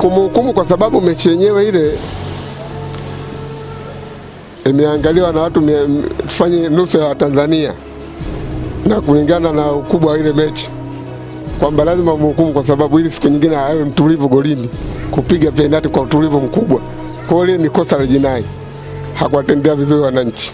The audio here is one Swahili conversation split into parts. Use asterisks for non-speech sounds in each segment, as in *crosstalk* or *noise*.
kumhukumu kwa sababu mechi yenyewe ile imeangaliwa na watu tufanye nusu ya Watanzania na kulingana na ukubwa wa ile mechi kwamba lazima umhukumu kwa sababu ili siku nyingine awe mtulivu golini kupiga penalti kwa utulivu mkubwa. Kwa hiyo ni kosa la jinai hakuwatendea vizuri wananchi.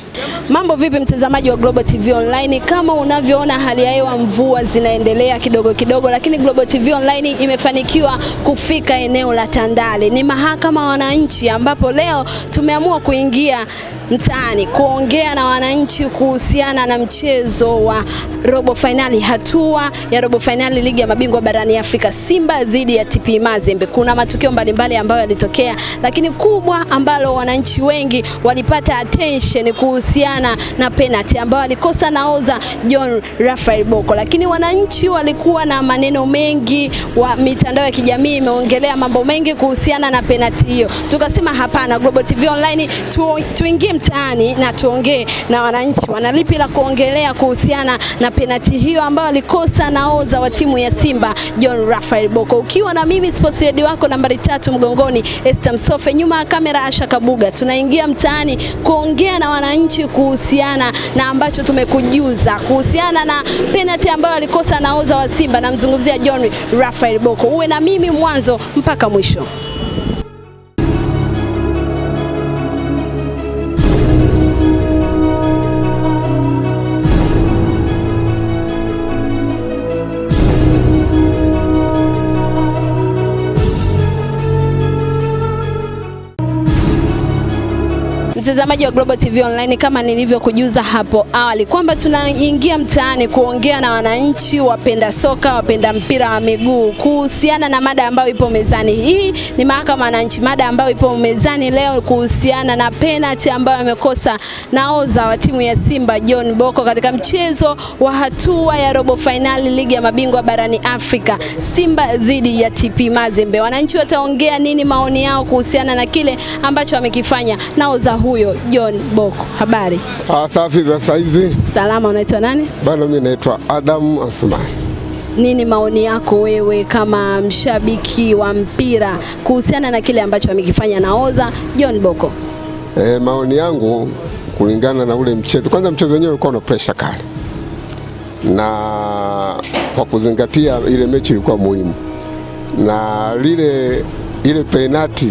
Mambo vipi, mtazamaji wa Global TV Online? Kama unavyoona hali ya hewa, mvua zinaendelea kidogo kidogo, lakini Global TV Online imefanikiwa kufika eneo la Tandale, ni mahakama wananchi, ambapo leo tumeamua kuingia mtaani kuongea na wananchi kuhusiana na mchezo wa robo fainali hatua ya robo fainali ligi ya mabingwa barani Afrika, Simba dhidi ya TP Mazembe. Kuna matukio mbalimbali ambayo yalitokea, lakini kubwa ambalo wananchi wengi walipata attention kuhusiana na penalty ambayo alikosa naoza John Rafael Boko, lakini wananchi walikuwa na maneno mengi wa mitandao ya kijamii imeongelea mambo mengi kuhusiana na penalty hiyo. Tukasema hapana, Global TV Online tu, tuingie mtaani na tuongee na wananchi, wanalipi la kuongelea kuhusiana na penati hiyo ambayo alikosa naoza wa timu ya Simba John Raphael Boko. Ukiwa na mimi sports lady wako nambari tatu mgongoni Esther Msofe, nyuma ya kamera Asha Kabuga, tunaingia mtaani kuongea na wananchi kuhusiana na ambacho tumekujuza kuhusiana na penati ambayo alikosa naoza wa Simba, namzungumzia John Raphael Boko. Uwe na mimi mwanzo mpaka mwisho. Mtazamaji wa Global TV Online, kama nilivyokujuza hapo awali kwamba tunaingia mtaani kuongea na wananchi wapenda soka, wapenda mpira wa miguu kuhusiana na mada ambayo ipo mezani. Hii ni mahakama wananchi, mada ambayo ipo mezani leo kuhusiana na penalti ambayo amekosa naoza wa timu ya Simba John boko katika mchezo wa hatua ya robo fainali ligi ya mabingwa barani Afrika, Simba dhidi ya TP Mazembe. Wananchi wataongea nini, maoni yao kuhusiana na kile ambacho amekifanya naoza huyo Mario John Boko, habari? Ah, safi za saizi. Salama, unaitwa nani? Bado mimi naitwa Adam Asmani. Nini maoni yako wewe kama mshabiki wa mpira kuhusiana na kile ambacho amekifanya nahodha John Boko? Eh, maoni yangu kulingana na ule mchezo, kwanza mchezo wenyewe ulikuwa una pressure kali, na kwa kuzingatia ile mechi ilikuwa muhimu, na lile ile penati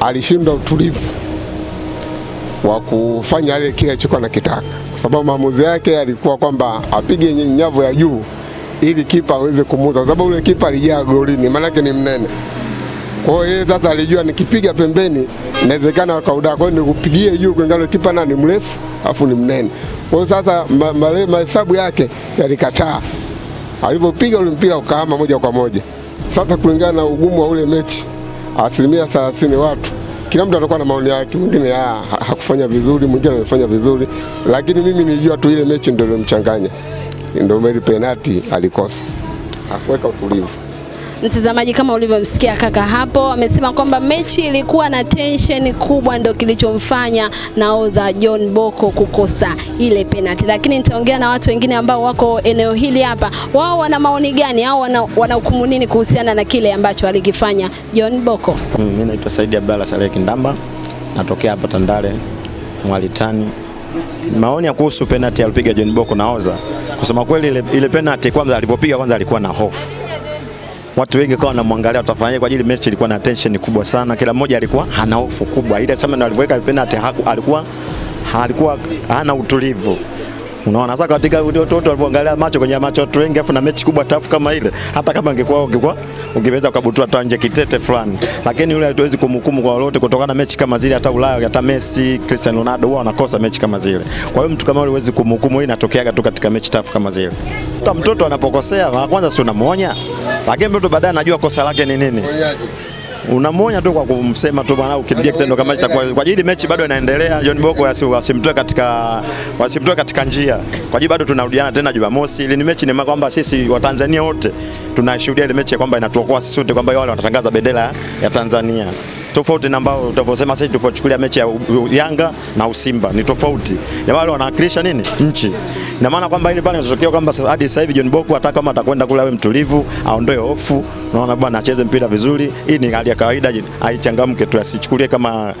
alishindwa utulivu wa kufanya ile kile alichokuwa anakitaka, kwa sababu maamuzi yake yalikuwa kwamba apige nyavu ya juu ili kipa aweze kumuza, kwa sababu ule kipa alijaa golini, maanake ni mnene. Kwa hiyo yeye sasa alijua nikipiga pembeni inawezekana akauda, kwa hiyo nikupigie juu kulingana kipa na ni mrefu afu ni mnene. Kwa hiyo sasa mahesabu yake yalikataa, alipopiga ule mpira ukahama moja kwa moja. Sasa kulingana na ugumu wa ule mechi asilimia thelathini watu kila mtu atakuwa na maoni yake, mwingine ya ah, hakufanya vizuri, mwingine amefanya vizuri, lakini mimi nijua tu ile mechi ndio ilomchanganya, ndio penalti alikosa, hakuweka utulivu. Mtazamaji, kama ulivyomsikia kaka hapo, amesema kwamba mechi ilikuwa na tension kubwa, ndio kilichomfanya nahodha John boko kukosa ile penalty. Lakini nitaongea na watu wengine ambao wako eneo hili hapa, wao wana maoni gani au wanahukumu wana nini kuhusiana na kile ambacho alikifanya John Bocco? Mm, mimi naitwa Saidi Abdalla Saleh Kindamba, natokea hapa Tandale Mwalitani. Maoni ya kuhusu penalty alipiga John na naoza, kusema kweli, ile, ile kwanza alivyopiga, kwanza alikuwa na hofu watu wengi kawa wanamwangalia watafanyaje, kwa ajili mechi ilikuwa na tension kubwa sana, kila mmoja alikuwa hana hofu kubwa ile, sema ndio alivyoweka alikuwa alikuwa hana utulivu. Unaona sasa, katika watoto walipoangalia macho kwenye macho watu wengi, afu na mechi kubwa tafu kama ile, hata kama angekuwa ungekuwa ungeweza ukabutua hata nje kitete fulani, lakini yule hatuwezi kumhukumu kwa lolote kutokana na mechi kama zile. Hata Ulaya, hata Messi, Cristiano Ronaldo huwa wanakosa mechi kama zile. Kwa hiyo mtu kama yule huwezi kumhukumu, hii inatokeaga tu katika mechi tafu kama zile. Hata mtoto anapokosea, kwanza si unamuonya, lakini mtoto baadaye anajua kosa lake ni nini unamwonya tu kwa kumsema tu bwana, ukipiga kitendo kama hicho kwa ajili mechi bado inaendelea. John Boko wasimtoe katika, wasimtoe katika njia, kwa ajili bado tunarudiana tena Jumamosi. Ile ni mechi ni kwamba sisi Watanzania wote tunashuhudia ile mechi kwamba inatuokoa sisi wote, kwamba wale wanatangaza bendera ya Tanzania tofauti na ambao utavyosema sisi tupochukulia mechi ya Yanga na Usimba ni tofauti. Jamaa wale wanawakilisha nini? Nchi. Na maana kwamba ile pale inatokea kwamba hadi sasa hivi John Boko hata kama atakwenda kule awe mtulivu, aondoe hofu, unaona bwana, acheze mpira vizuri. Hii ni hali ya kawaida, aichangamke tu, asichukulie kama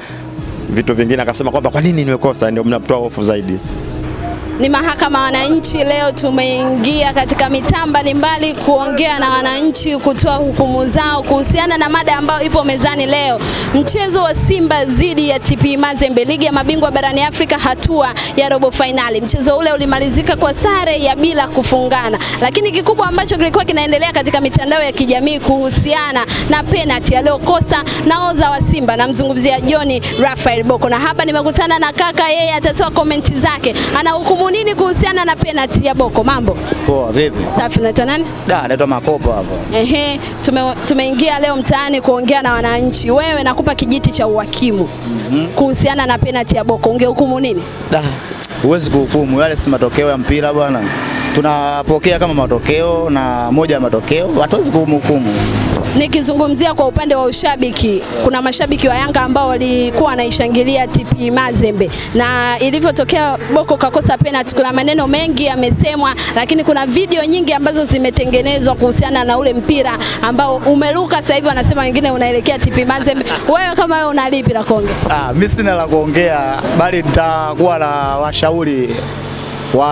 vitu vingine, akasema kwamba kwa nini nimekosa, ndio mnatoa hofu zaidi ni mahakama wananchi. Leo tumeingia katika mitaa mbalimbali kuongea na wananchi, kutoa hukumu zao kuhusiana na mada ambayo ipo mezani leo, mchezo wa Simba dhidi ya TP Mazembe, ligi ya mabingwa barani Afrika, hatua ya robo fainali. Mchezo ule ulimalizika kwa sare ya bila kufungana, lakini kikubwa ambacho kilikuwa kinaendelea katika mitandao ya kijamii kuhusiana na penalti aliyokosa naoza wa Simba, namzungumzia John Rafael Boko, na hapa nimekutana na kaka, yeye atatoa komenti zake, ana hukumu Fahamu nini kuhusiana na penalty ya Boko? Mambo poa, vipi? Safi. Unaitwa nani? Da, naitwa Makopo hapo. Ehe, tume tumeingia leo mtaani kuongea na wananchi. Wewe nakupa kijiti cha uhakimu mm -hmm. kuhusiana na penalty ya Boko ungehukumu nini? Da, huwezi kuhukumu, yale si matokeo ya mpira bwana tunapokea kama matokeo, na moja ya matokeo hatuwezi kumhukumu. Nikizungumzia kwa upande wa ushabiki, kuna mashabiki wa Yanga ambao walikuwa wanaishangilia TP Mazembe na ilivyotokea Boko kakosa penalti, kuna maneno mengi yamesemwa, lakini kuna video nyingi ambazo zimetengenezwa kuhusiana na ule mpira ambao umeruka sasa hivi, wanasema wengine unaelekea TP Mazembe. Wewe kama wewe una lipi la kuongea? Ah, mimi sina la kuongea, bali nitakuwa na washauri wa,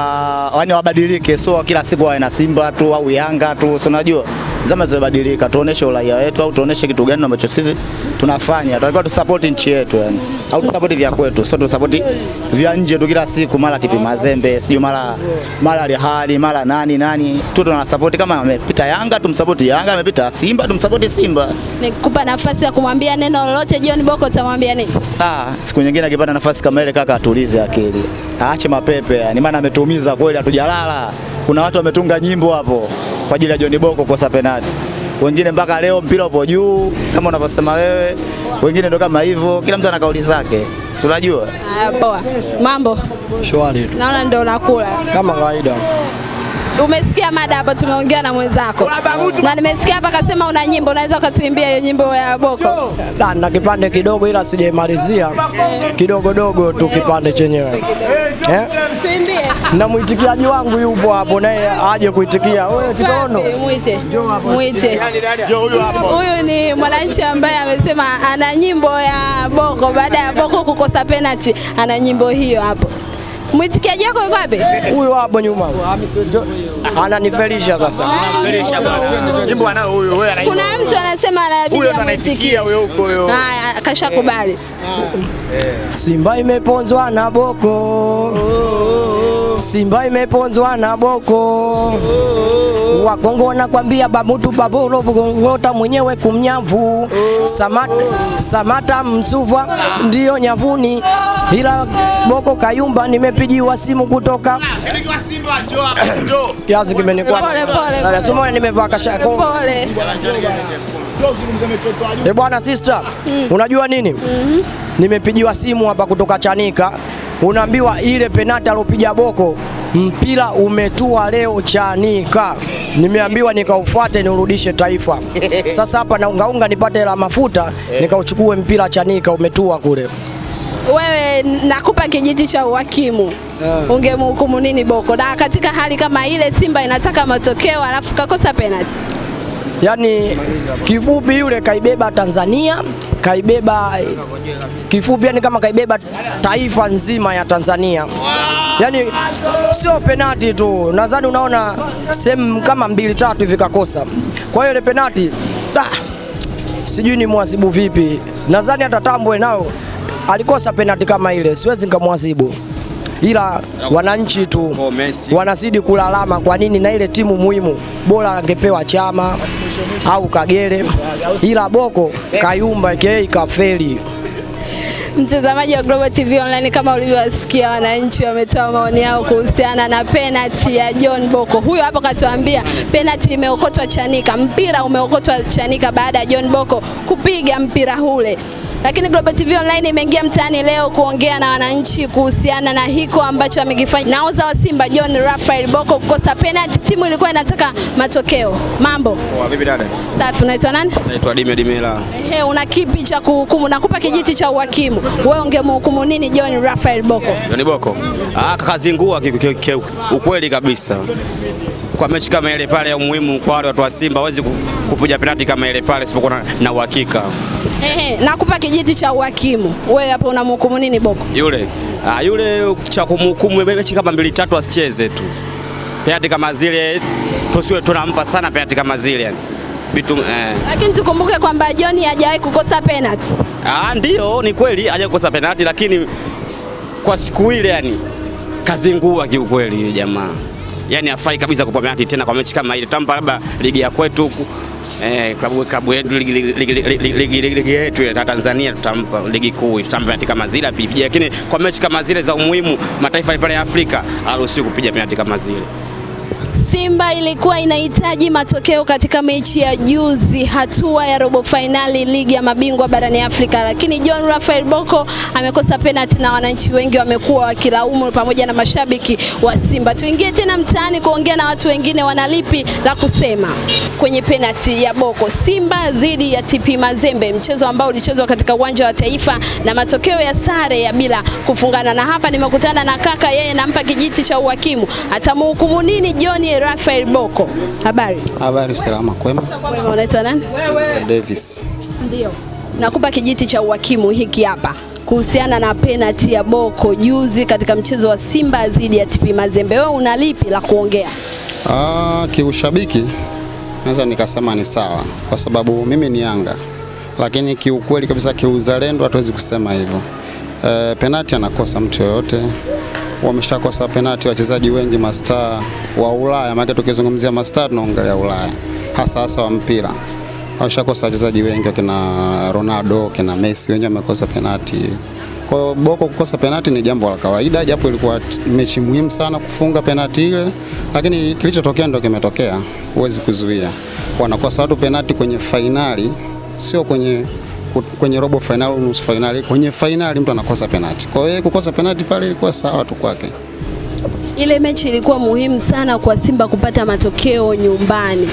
wabadilike, sio kila siku wawe na Simba tu au Yanga tu, si unajua zama zimebadilika, tuoneshe uraia wetu au tuoneshe kitu gani ambacho sisi tunafanya. Tunatakiwa tusapoti nchi yetu yani, au tusapoti vya kwetu, sio tusapoti vya nje tu kila siku, mara tipi mazembe, sio mara mara Al-Ahly, mara nani nani. Tu tunasapoti kama amepita Yanga tumsapoti Yanga, amepita Simba tumsapoti Simba. Nikupa nafasi ya kumwambia neno lolote John Boko, utamwambia nini? Ah, siku nyingine akipata nafasi kama ile, kaka atulize akili, aache mapepe yani, maana ametuumiza kweli, hatujalala kuna watu wametunga nyimbo hapo kwa ajili ya John Bocco kosa penati, wengine mpaka leo mpira upo juu kama unavyosema wewe, wengine ndo kama hivyo, kila mtu ana kauli zake, si unajua. Poa, mambo shwari naona ndo nakula kama kawaida. Umesikia mada hapa, tumeongea na mwenzako na nimesikia hapa kasema una nyimbo, unaweza ukatuimbia hiyo nyimbo ya Boko? Na, na kipande kidogo ila sijaimalizia kidogo dogo tu kipande chenyewe yeah. Na mwitikiaji wangu yupo hapo naye aje kuitikia. Wewe huyu ni mwananchi ambaye amesema ana nyimbo ya Boko baada ya Boko kukosa penalty, ana nyimbo hiyo hapo. Mwitikia jako yuko wapi? Huyo hapo nyuma. Ananifelisha sasa. Jimbo anao huyo, wewe anaitwa. Kuna mtu anasema anabidi. Huyo anaitikia huyo huko huyo. Haya, kashakubali. Simba imeponzwa na boko. Oh, oh, oh. Simba imeponzwa na boko, Wakongo wanakwambia babutu babulo ngota mwenyewe kumnyavu. Samata, Samata ndiyo nyavuni, ila boko Kayumba nimepigiwa simu kutoka *coughs* kiasi kimenikuwa nimevaa kashako eh, bwana sister, mm. unajua nini? Mm-hmm. Nimepigiwa simu hapa kutoka Chanika unaambiwa ile penati alopiga Boko, mpira umetua leo Chanika, nimeambiwa nikaufuate niurudishe taifa. *laughs* Sasa hapa naungaunga nipate la mafuta eh. nikauchukue mpira Chanika, umetua kule. Wewe nakupa kijiti cha uhakimu yeah. Ungemhukumu nini Boko na katika hali kama ile, Simba inataka matokeo alafu kakosa penati? Yaani kivubi yule kaibeba Tanzania kaibeba kifupi, yani kama kaibeba taifa nzima ya Tanzania. Yani sio penati tu, nadhani unaona sehemu kama mbili tatu hivi kakosa. Kwa hiyo ile penati da, sijui ni mwazibu vipi, nadhani hata Tambwe nao alikosa penati kama ile, siwezi nikamwazibu ila wananchi tu oh, wanazidi kulalama, kwa nini na ile timu muhimu, bora angepewa Chama au Kagere, ila Boko kayumba kei kafeli. Mtazamaji wa Global TV Online, kama ulivyowasikia wananchi wametoa maoni yao kuhusiana na penati ya John Boko. Huyo hapo katuambia penati imeokotwa Chanika, mpira umeokotwa Chanika baada ya John Boko kupiga mpira ule. Lakini Global TV Online imeingia mtaani leo kuongea na wananchi kuhusiana na hiko ambacho amekifanya naoza wa Simba John Raphael Bocco kukosa penalty, timu ilikuwa inataka matokeo. Mambo poa, vipi dada? Safi. Unaitwa nani? Naitwa Dimio Dimela. Ehe, una kipi cha kuhukumu? Nakupa kijiti cha uhakimu, wewe ungemhukumu nini John Raphael Bocco? John Bocco, ah, kakazingua ukweli kabisa kwa mechi kama ile pale ya umuhimu kwa wale watu wa Simba hawezi kupiga penalti kama ile pale sipokuwa na uhakika. Ehe, nakupa kijiti cha uhakimu. Wewe hapo unamhukumu nini Boko? Yule. Ah, yule cha kumhukumu mechi kama mbili tatu asicheze tu. Penalti kama zile tusiwe tunampa sana penalti kama zile yani. Bitu, eh. Lakini tukumbuke kwamba John hajawahi kukosa penalti. Ah, ndio ni kweli hajawahi kukosa penalti lakini kwa siku ile yani kazingua kiukweli jamaa yani afai kabisa kupeana tena kwa mechi kama ile. Tutampa labda ligi ya kwetu huku eh, klabu klabu yetu ligi ligi yetu ya Tanzania, tutampa ligi kuu, tutampa penalti kama zile pipi, lakini kwa mechi kama zile za umuhimu, mataifa pale ya Afrika haruhusiwi kupiga penalti kama zile. Simba ilikuwa inahitaji matokeo katika mechi ya juzi, hatua ya robo fainali ligi ya mabingwa barani Afrika, lakini John rafael boko amekosa penalti na wananchi wengi wamekuwa wakilaumu pamoja na mashabiki wa Simba. Tuingie tena mtaani kuongea na watu wengine, wanalipi la kusema kwenye penalti ya boko Simba dhidi ya TP Mazembe, mchezo ambao ulichezwa katika uwanja wa Taifa na matokeo ya sare ya bila kufungana, na hapa nimekutana na kaka, yeye nampa kijiti cha uhakimu. Atamhukumu nini John Daniel Rafael Boko, habari? Habari, salama. Kwema. Kwema, unaitwa nani? Davis. Ndio. Nakupa kijiti cha uhakimu hiki hapa kuhusiana na penalti ya Boko juzi katika mchezo wa Simba dhidi ya TP Mazembe. Wewe una lipi la kuongea? Ah, kiushabiki naweza nikasema ni sawa kwa sababu mimi ni Yanga, lakini kiukweli kabisa, kiuzalendo hatuwezi kusema hivyo. E, eh, penalti anakosa mtu yoyote wameshakosa penati wachezaji wengi mastaa wa Ulaya, maana tukizungumzia mastaa tunaongelea Ulaya hasa hasa wa mpira washakosa wachezaji wengi wakina Ronaldo, kina Messi wenyewe wamekosa penati. Kwa hiyo Boko kukosa penati ni jambo la kawaida, japo ilikuwa mechi muhimu sana kufunga penati ile, lakini kilichotokea ndio kimetokea, huwezi kuzuia. Wanakosa watu penati kwenye fainali, sio kwenye kwenye robo finali, nusu finali, kwenye finali mtu anakosa penalti. Kwa hiyo kukosa penalti pale ilikuwa sawa tu kwake. Ile mechi ilikuwa muhimu sana kwa Simba kupata matokeo nyumbani.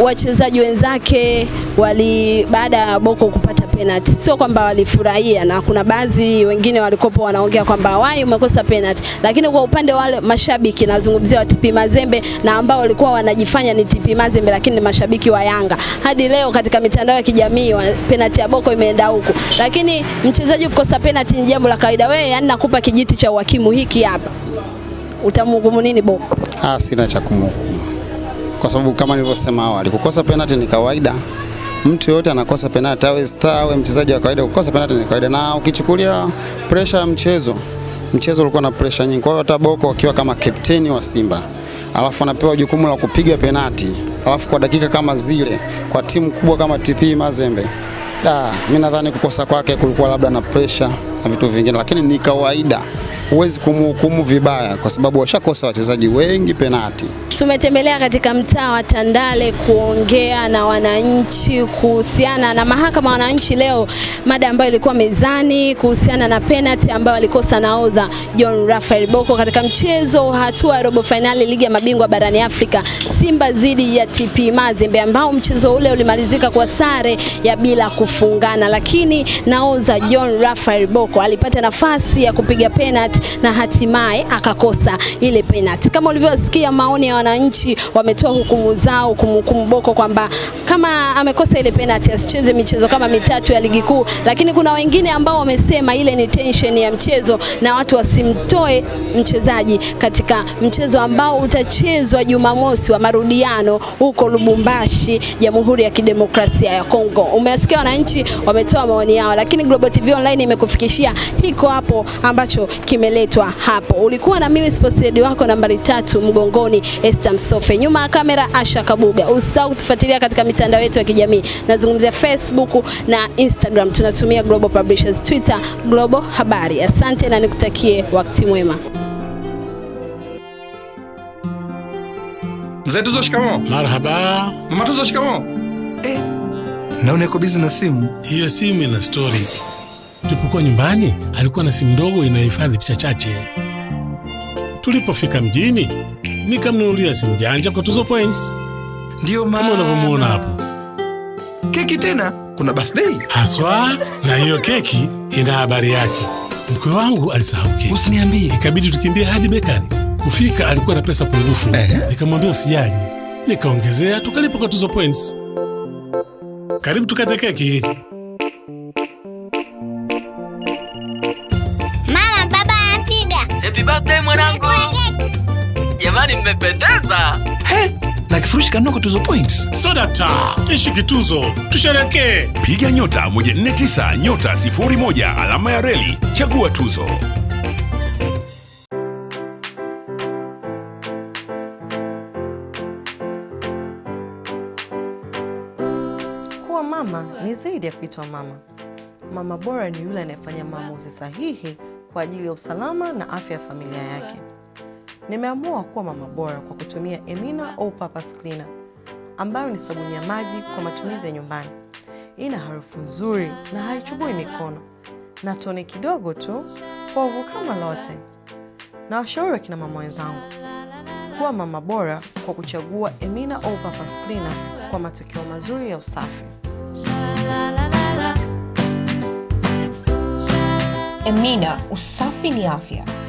Wachezaji wenzake wali baada ya Boko kupata penalty, sio kwamba walifurahia, na kuna baadhi wengine walikopo wanaongea kwamba wai umekosa penalty, lakini kwa upande wale mashabiki nazungumzia wa TP Mazembe na ambao walikuwa wanajifanya ni TP Mazembe lakini ni mashabiki wa Yanga, hadi leo katika mitandao ya kijamii penalty ya Boko imeenda huko, lakini mchezaji kukosa penalty ni jambo la kawaida. Wewe yani, nakupa kijiti cha uhakimu hiki hapa, utamhukumu nini Boko? Ah, sina cha kumhukumu kwa sababu kama nilivyosema awali, kukosa penalty ni kawaida mtu yote anakosa penalti, awe star awe mchezaji wa kawaida. Kukosa penalti ni kawaida, na ukichukulia pressure ya mchezo, mchezo ulikuwa na pressure nyingi. Kwa hiyo hata Boko akiwa kama captain wa Simba alafu anapewa jukumu la kupiga penalti, alafu kwa dakika kama zile, kwa timu kubwa kama TP Mazembe, da, mimi nadhani kukosa kwake kulikuwa labda na pressure na vitu vingine, lakini ni kawaida huwezi kumhukumu vibaya kwa sababu washakosa wachezaji wengi penati. Tumetembelea katika mtaa wa Tandale kuongea na wananchi kuhusiana na mahakama ya wananchi leo, mada ambayo ilikuwa mezani kuhusiana na penati ambayo alikosa nahodha John Rafael Boko katika mchezo wa hatua ya robo fainali ligi ya mabingwa barani Afrika, Simba dhidi ya TP Mazembe, ambao mchezo ule ulimalizika kwa sare ya bila kufungana, lakini nahodha John Rafael Boko alipata nafasi ya kupiga penati na hatimaye akakosa ile penalty. Kama ulivyosikia maoni ya wananchi, wametoa hukumu zao, hukumu boko kwamba kama amekosa ile penalty asicheze michezo kama mitatu ya ligi kuu, lakini kuna wengine ambao wamesema ile ni tension ya mchezo na watu wasimtoe mchezaji katika mchezo ambao utachezwa Jumamosi wa marudiano huko Lubumbashi, Jamhuri ya Kidemokrasia ya Kongo. Umewasikia wananchi wametoa maoni yao, lakini Global TV Online imekufikishia hiko hapo ambacho kime kimeletwa hapo. Ulikuwa na mimi sportshead wako nambari tatu mgongoni, Esther Msofe, nyuma ya kamera Asha Kabuga. Usisahau kutufuatilia katika mitandao yetu ya kijamii, nazungumzia Facebook na Instagram, tunatumia Global Publishers, Twitter Global Habari. Asante na nikutakie wakati mwema. Mzee Tuzo, shikamo. Marhaba. Mama Tuzo, shikamo. Eh, naona uko busy na simu. Hiyo simu ina story. Tulipokuwa nyumbani, alikuwa na simu ndogo inayohifadhi picha chache. Tulipofika mjini, nikamnunulia simu janja kwa tuzo points. Ndio maana kama unavyomuona hapo. Keki tena, kuna birthday haswa, na hiyo keki ina habari yake. Mkwe wangu alisahau keki, usiniambie. Ikabidi tukimbie hadi bekari. Kufika alikuwa na pesa pungufu, nikamwambia usijali, nikaongezea, tukalipa kwa tuzo points. Karibu tukate keki. Jamani, mmependeza. Na kifurushi kanoko tuzo points. Soda ta, ishi kituzo, tusherekee. Piga nyota 149 nyota 01 alama ya reli, chagua tuzo. mama ni zaidi ya kuitwa mama. Mama bora ni yule anayefanya maamuzi sahihi kwa ajili ya usalama na afya ya familia yake. Nimeamua kuwa mama bora kwa kutumia Emina au Papa's Cleaner ambayo ni sabuni ya maji kwa matumizi ya nyumbani. Ina harufu nzuri na haichubui mikono na tone kidogo tu, povu kama lote. Na washauri wakina mama wenzangu kuwa mama bora kwa kuchagua Emina au Papa's Cleaner kwa matokeo mazuri ya usafi. Emina, usafi ni afya.